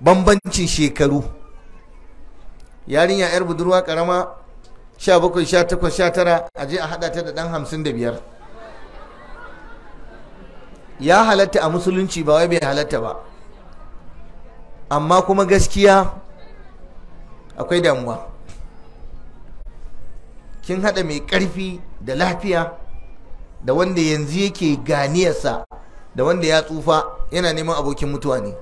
bambancin shekaru yarinya yar budurwa karama 17 18 19 a je a hada ta da dan biyar. ya halatta a musulunci ba wai bai halatta ba amma kuma gaskiya akwai damuwa kin haɗa mai ƙarfi da lafiya da wanda yanzu yake ganiyarsa da wanda ya tsufa yana neman abokin mutuwa ne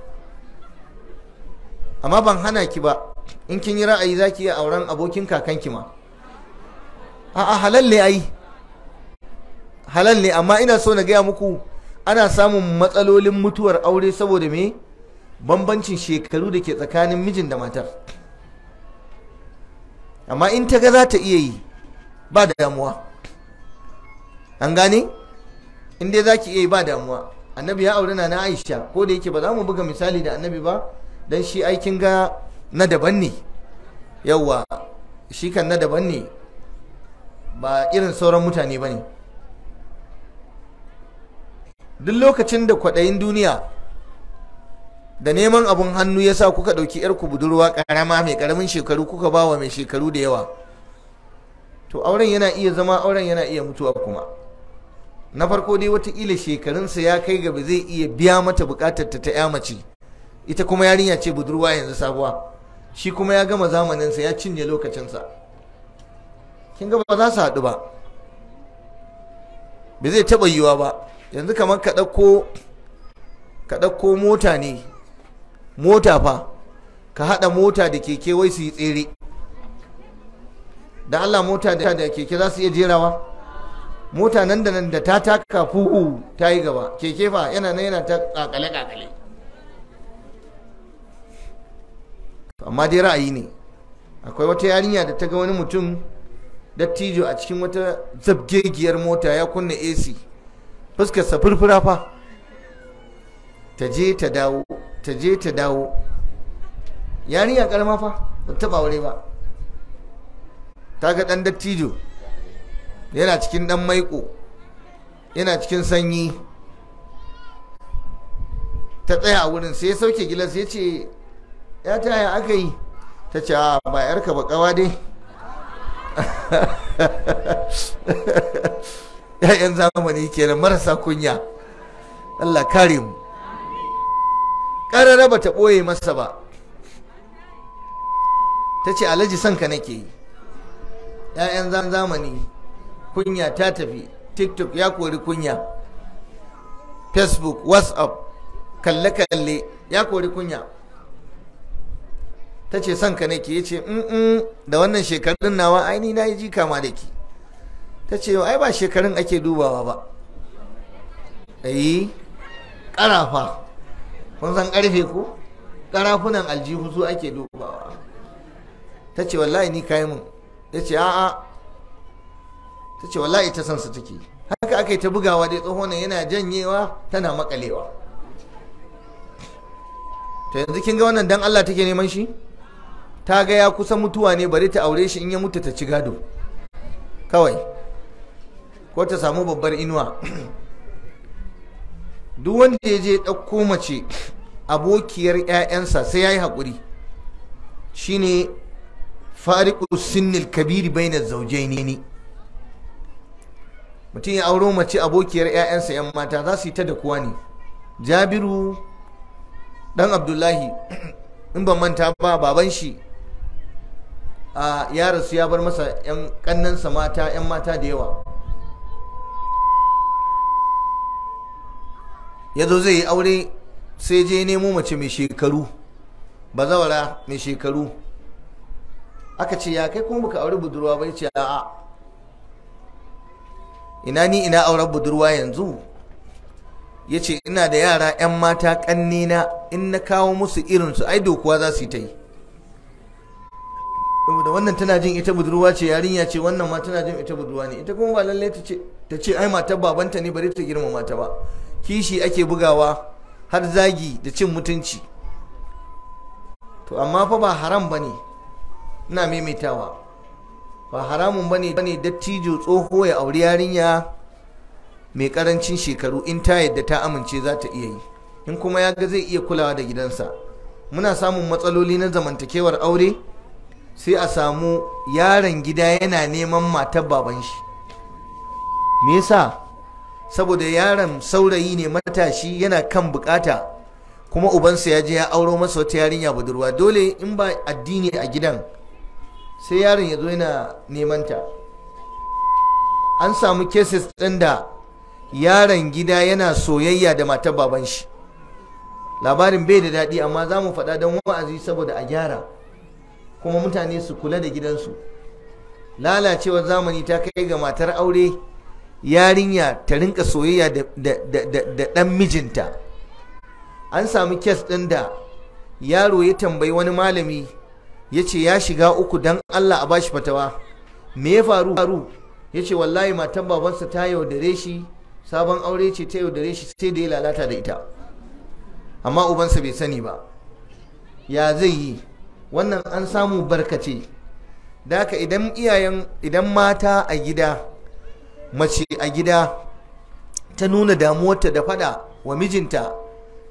amma ban hana ki ba in kin yi ra'ayi za ki iya auren abokin kakanki ma 'a halal ne ai halal ne amma ina so na gaya muku ana samun matsalolin mutuwar aure saboda me bambancin shekaru da ke tsakanin mijin da matar amma in ta ga za ta iya yi ba damuwa an gani in dai za ki iya ba damuwa annabi ya aure na na aisha ko da yake ba za mu buga misali da annabi ba don shi aikin ga na daban ne yauwa shi kan na daban ne ba irin sauran mutane ba ne duk lokacin da kwaɗayin duniya da neman abin hannu ya sa kuka ɗauki ku budurwa ƙarama mai ƙaramin shekaru kuka ba wa mai shekaru da yawa to auren yana iya zama auren yana iya mutuwa kuma na farko dai watakila shekarunsa ya kai gaba zai iya biya mata bukatar ta ta ya mace ita kuma yarinya ce budurwa yanzu sabuwa shi kuma ya gama zamaninsa ya cinye lokacinsa kin ga ba za su haɗu ba ba zai taɓa yiwa ba yanzu kamar ka ɗauko mota ne mota fa ka haɗa mota da keke wai su yi tsere da Allah mota da keke za su iya jerawa mota nan da nan da ta taka fuhu ta yi gaba keke fa yana nan yana ta kakale kakale amma dai ra'ayi ne akwai wata yarinya da ta ga wani mutum dattijo a cikin wata zabgegiyar mota ya kunna AC fuskarsa furfura fa ta je ta dawo ta je ta dawo yarinya karama fa ba ta taba aure ba Ta ga ɗan dattijo yana cikin dan maiko yana cikin sanyi ta tsaya wurin sai ya sauke gilas ya ce ya ta aka yi ta ce ba yarka ba kawa dai ya'yan zamani kenan marasa kunya Allah kare mu ƙarara ba ta ɓoye masa ba ta ce alhaji sanka nake yi 'ya'yan zamani kunya ta tafi tiktok ya kori kunya facebook whatsapp kalle-kalle ya kori kunya ta ce son ka nake ya ce da wannan shekarun nawa aini na yi ji kama da ke. ta ce ai ba shekarun ake dubawa ba ayi ƙarafa kun san ƙarfe ko ƙarafunan aljihu su ake dubawa ta ce wallahi ni kayi mun ya ce a'a ta ce wallahi ta san su take haka aka yi ta bugawa dai tsoho ne yana janyewa tana makalewa Ta yanzu kin ga wannan dan Allah take neman shi ta ga ya kusa mutuwa ne bari ta aure shi in ya mutu ta ci gado kawai ko ta samu babbar inuwa duk wanda ya je ɗauko mace abokiyar 'ya'yansa sai ya yi haƙuri shi ne. fariqu sinnil kabiri bainaz ne. mutum ya auro mace abokiyar 'ya'yansa 'yan mata za su yi ta da kuwa ne jabiru dan abdullahi in ban manta ba baban shi a ya rasu ya bar masa 'yan kannansa mata 'yan mata da yawa ya zo zai yi aure sai je nemo mace mai shekaru bazawara mai shekaru aka ce ya kai kuma baka aure budurwa ba ce a'a ina ni ina aure budurwa yanzu ya ce ina da yara 'yan mata kannina in na kawo musu irinsu ai dokuwa za su yi ta yi da wannan tana jin ita budurwa ce yarinya ce wannan ma tana jin ita budurwa ne ita kuma ba lallai ta ce ta ce ai mata, babanta ne bari ta girmama ta ba kishi ake bugawa har zagi da cin mutunci to amma fa ba haram ba ne ina maimaitawa ba haramun ba ne dattijo tsoho ya auri yarinya mai karancin shekaru in ta yadda ta amince za ta iya yi in kuma ya ga zai iya kulawa da gidansa muna samun matsaloli na zamantakewar aure sai a samu yaron gida yana neman matar baban shi me yasa saboda yaron saurayi ne matashi yana kan bukata kuma ubansa ya je ya auro masa wata yarinya budurwa dole in ba addini a gidan sai yaron ya zo yana neman ta an samu cases ɗin da yaron gida yana soyayya da matar baban shi labarin bai da daɗi amma za mu faɗa don wa'azi saboda a gyara kuma mutane su kula da gidansu lalacewar zamani ta kai ga matar aure yarinya ta rinka soyayya da ɗan mijinta an samu kes ɗin da yaro ya tambayi wani malami ya ce ya shiga uku don Allah a bashi fatawa me ya faru faru ya ce wallahi matan babansa ta yaudare shi sabon aure ce ta yaudare shi sai da ya lalata da ita amma ubansa bai sani ba ya zai yi wannan an samu barkace Daka idan iyayen idan mata a gida mace a gida ta nuna damuwarta da fada wa mijinta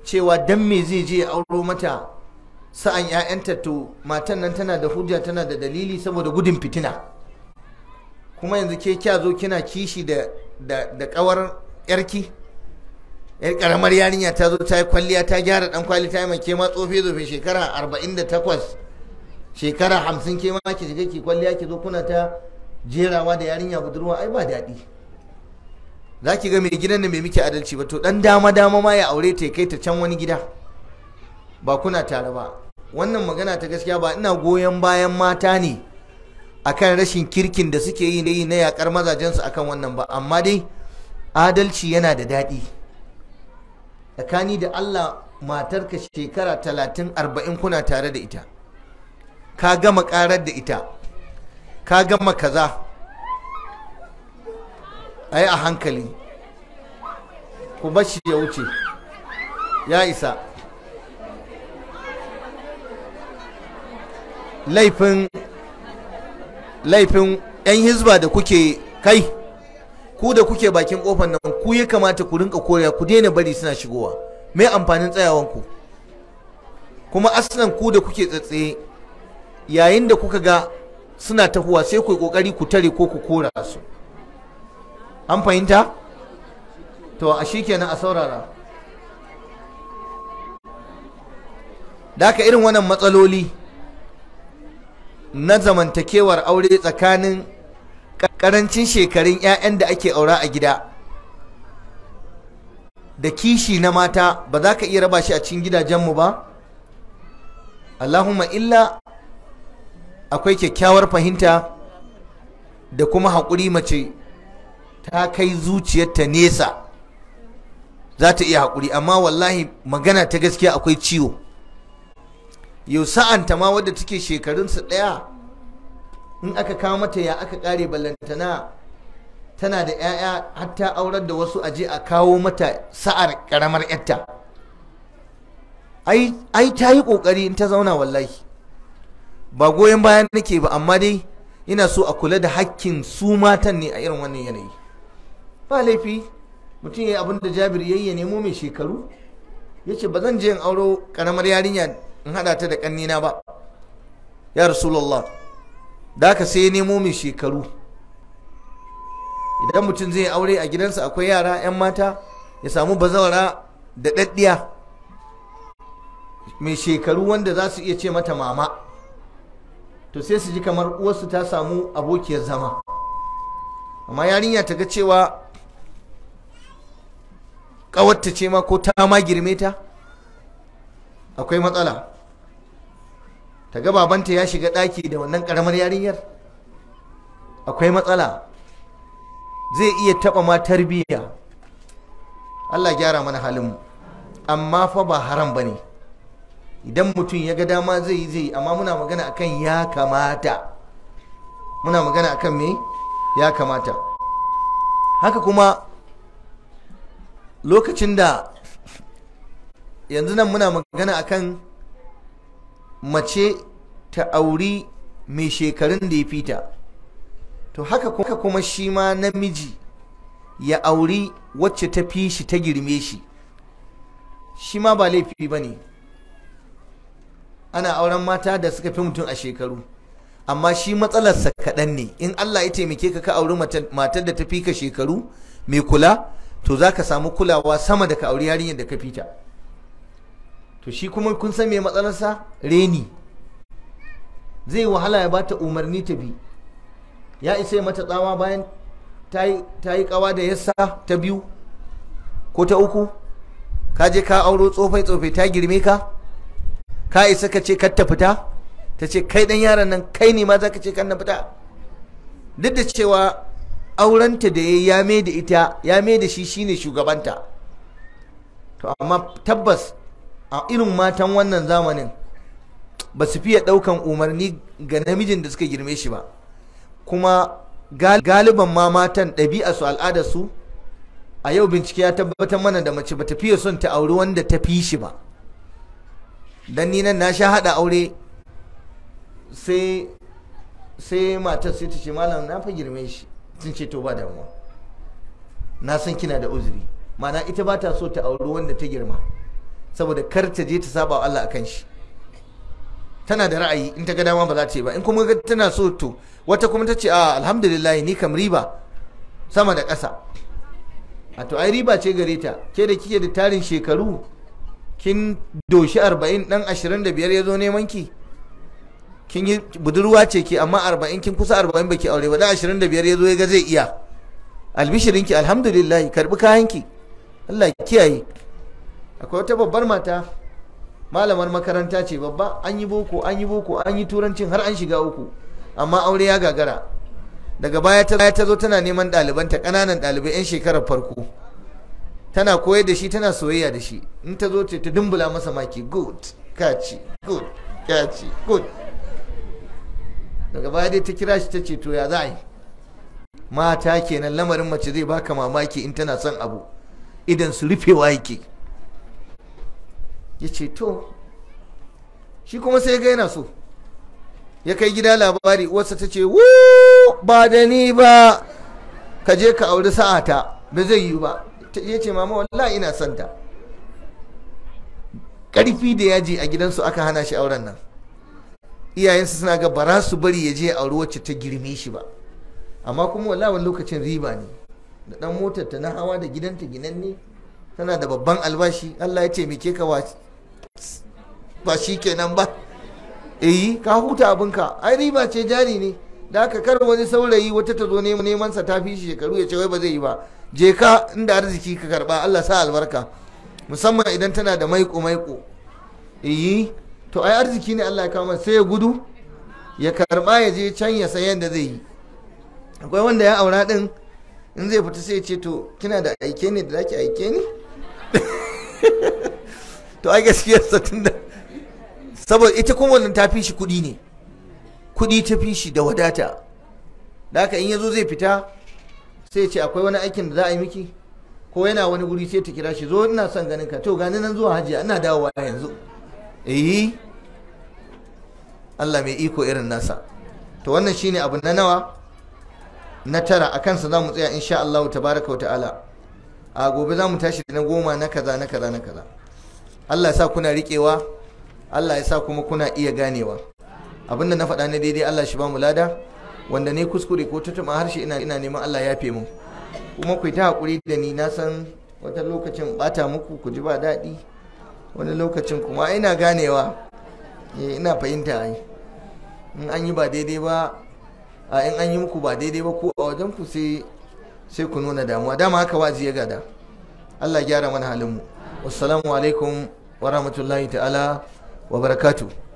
cewa dan me zai je auro mata sa'an ‘ya'yanta to matan nan tana da hujja tana da dalili saboda gudun fitina kuma yanzu ke kya zo kina kishi da da kawar yarki yar karamar yarinya ta zo ta yi kwalliya ta gyara dan kwali ta yi mai kema tsofe zofe shekara 48 shekara 50 kema ki shiga ki kwalliya ki zo kuna ta jerawa da yarinya budurwa ai ba daɗi za ki ga mai gidan da mai miki adalci ba to dan dama dama ma ya aure ta kai ta can wani gida ba kuna tare ba wannan magana ta gaskiya ba ina goyon bayan mata ne akan rashin kirkin da suke yi na yakar mazajensu akan wannan ba amma dai adalci yana da daɗi tsakani da Allah matarka shekara talatin arba'in kuna tare da ita ka gama karar da ita ka gama kaza a yi a hankali ku bashi ya wuce ya isa laifin laifin 'yan hizba da kuke kai ku da kuke bakin kofar nan ku ya kamata ku rinka koya ku daina bari suna shigowa me amfanin tsayawanku kuma aslan ku da kuke tsatsaye yayin da kuka ga suna tahuwa sai ku yi kokari ku tare ko ku kora su an fahimta to a shikenan a saurara da irin wannan matsaloli na zamantakewar aure tsakanin karancin shekarun 'ya'yan da ake aura a gida da kishi na mata ba za ka iya raba shi a cikin gidajenmu ba allahumma illa akwai kyakkyawar fahimta da kuma haƙuri mace ta kai zuciyarta nesa za ta iya haƙuri amma wallahi magana ta gaskiya akwai ciwo yau sa'anta ma wadda take shekarunsu ɗaya in aka kawo mata ya aka kare ballantana tana da 'ya'ya hatta aurar da wasu aje a kawo mata sa'ar karamar 'yarta ai ta yi ƙoƙari in ta zauna wallahi ba goyon bayan nake ba amma dai ina so a kula da hakkin su matan ne a irin wannan yanayi ba laifi mutum ya abin da jabir ya nemo mai shekaru ya ce ba zan je in auro karamar yarinya in hada ta da kannina ba ya rasulullah da ka sai nemo mai shekaru idan mutum zai aure a gidansa akwai yara 'yan mata ya samu bazawara da daddiya mai shekaru wanda za su iya ce mata mama to sai su ji kamar uwarsu ta samu abokiyar zama amma yarinya ta ga cewa ƙawarta ce ma ko ta ma girme ta akwai matsala ta ga babanta ya shiga ɗaki da wannan ƙaramar yarinyar akwai matsala zai iya taɓa ma tarbiyya Allah gyara mana halinmu amma fa ba haram ba ne idan mutum ya ga dama zai yi zai amma muna magana akan ya kamata muna magana akan me ya kamata haka kuma lokacin da yanzu nan muna magana a kan mace ta auri mai shekarun da ya fita to haka kuma shi ma namiji ya auri wacce ta fi shi ta girme shi shi ma ba laifi ba ne ana auren mata da suka fi mutum a shekaru amma shi matsalarsa kaɗan ne in Allah ya taimake ka ka auri matar da ta fi ka shekaru mai kula to za ka samu kulawa sama da ka auri yarinyar da ka fita. to shi kuma kun san me matsalarsa reni zai wahala ya bata umarni ta bi ya isa mata tsawa bayan ta yi kawa da yassa ta biyu ko ta uku ka je ka auro tsofai tsofai ta girme ka ka isa ka ce kar ta fita ta ce kai dan yaron nan kai ne ma za ka ce kan na fita duk da cewa aurenta da ya ya da ita ya da shi shine shugabanta to amma tabbas a irin matan wannan zamanin ba su fiye ɗaukan umarni ga namijin da suka girme shi ba kuma galiban ma matan ɗabi'a su al'adar su a yau bincike ya tabbatar mana da mace ba ta fiye son ta auri wanda ta fi shi ba dan ni nan na sha haɗa aure sai matar sai ta ce malam na fa girme shi sun ce to ba damuwa na san kina da uzuri mana ita ba ta so ta auri wanda ta girma saboda kar ta je ta saba wa Allah akan shi tana da ra'ayi in ta ga dama ba za ta yi ba in kuma ga tana so to wata kuma ta ce a alhamdulillah ni kam riba sama da ƙasa a to ai riba ce gare ta ke da kike da tarin shekaru kin doshi arba'in ɗan ashirin da biyar ya zo neman ki kin yi budurwa ce ki amma arba'in kin kusa arba'in baki aure ba dan ashirin da biyar ya zo ya ga zai iya albishirinki alhamdulillah karɓi kayanki Allah kiyaye akwai wata babbar mata malamar makaranta ce babba an yi boko an yi boko an yi turancin har an shiga uku amma aure ya gagara daga baya ta zo tana neman ɗalibanta ƙananan ɗalibai 'yan shekarar farko tana koyar da shi tana soyayya da shi in ta zo ce ta dumbula masa maki good kaci good kaci good daga baya dai ta kira shi ta ce to ya za yi mata kenan lamarin mace zai baka mamaki in tana son abu idan su rufewa yake ya ce to shi kuma sai gaina yana so ya kai gida labari wasu ta ce wu ba da ni ba ka je ka auri sa'ata ba zai yi ba ya ce mama wallahi ina son ƙarfi da yaji a gidansu aka hana shi auren nan iyayensa suna ga bara su bari ya je auri wacce ta girme shi ba amma kuma wallawan lokacin riba ne da dan motar ta na hawa da gidanta ginanne tana da babban albashi Allah ya ke ka ba shi kenan ba eyi eh, ka huta abinka ai riba ce jari ne da aka kar wani saurayi wata ta zo neman sa ta fi shi shekaru ya ce wai ba zai yi ba je ka inda arziki ka karba Allah sa albarka musamman idan tana da maiko maiko eyi eh, to ai arziki ne Allah ya kama sai ya gudu ya karba ya je can ya san yadda zai yi akwai wanda ya aura din in zai fita sai ya ce to kina da aike ne da zaki aike ni to ai gaskiyar sa tunda saboda ita kuma wannan ta fi shi ne kudi ta fi shi da wadata da haka in yazo zai fita sai ce akwai wani aikin da za a yi miki ko yana wani guri sai ta kira shi zo ina son ganin ka to gani nan zuwa hajiya ina dawowa yanzu eh Allah mai iko irin nasa to wannan shine abu na nawa na tara a kansa za mu tsaya insha Allah tabaraka wa ta'ala a gobe za mu tashi na goma na kaza na kaza na kaza Allah ya sa kuna riƙewa Allah ya sa kuma kuna iya ganewa abinda na faɗa ne daidai Allah shi ba mu lada wanda ne kuskure ko tutuma harshe ina ina neman Allah ya fe mu kuma ku ta hakuri da ni na san wata lokacin bata muku ku ji ba daɗi wani lokacin kuma ina ganewa eh, ina fahimta ai in an yi ba daidai ba a in an yi muku ba daidai ba ko a wajen ku sai sai ku nuna damuwa dama haka wazi ya gada Allah gyara mana halin mu wassalamu alaikum wa rahmatullahi ta'ala wa barakatuh